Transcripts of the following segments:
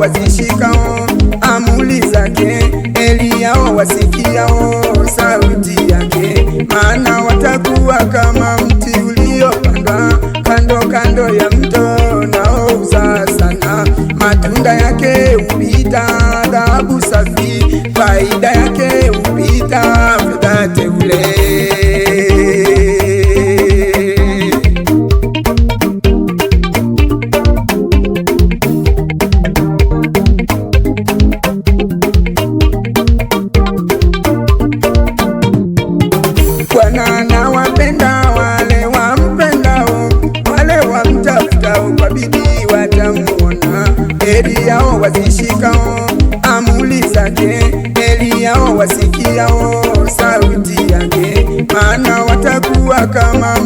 hawazishika wakishikao amuli zake, yao wasikiao sauti yake, maana watakuwa kama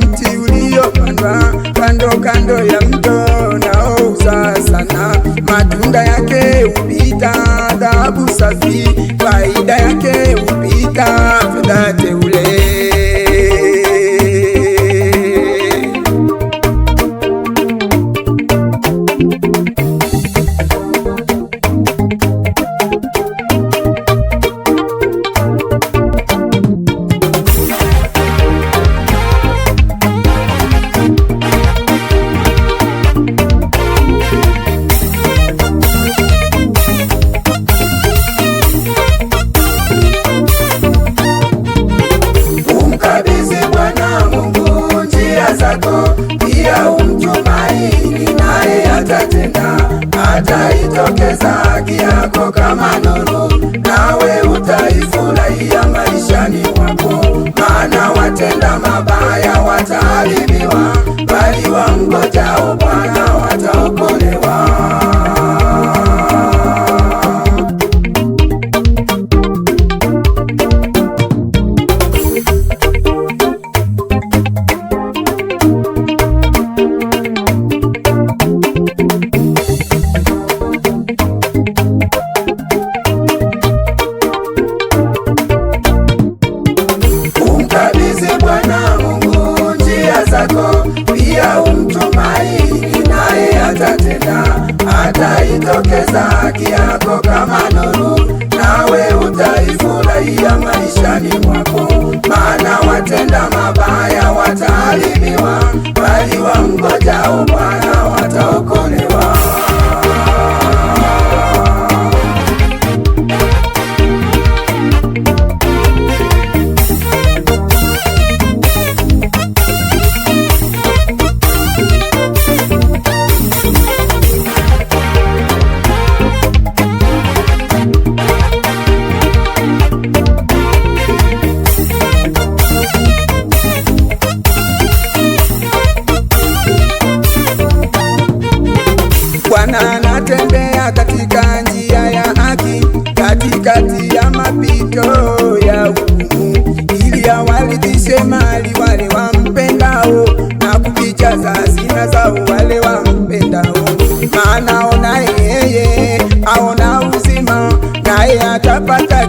one. Bwana natembea katika njia ya haki, katikati ya mapito ya hukumu, ili awarithishe mali wale wampendao, na kuvijaza hazina zao wale wampendao. Maana aonaye yeye aona uzima, naye atapata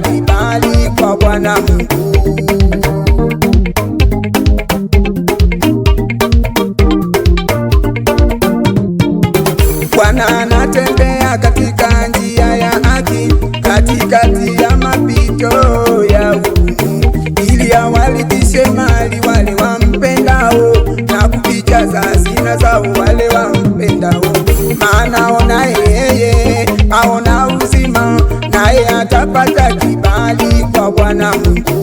Natapata kibali kwa Bwana Mungu.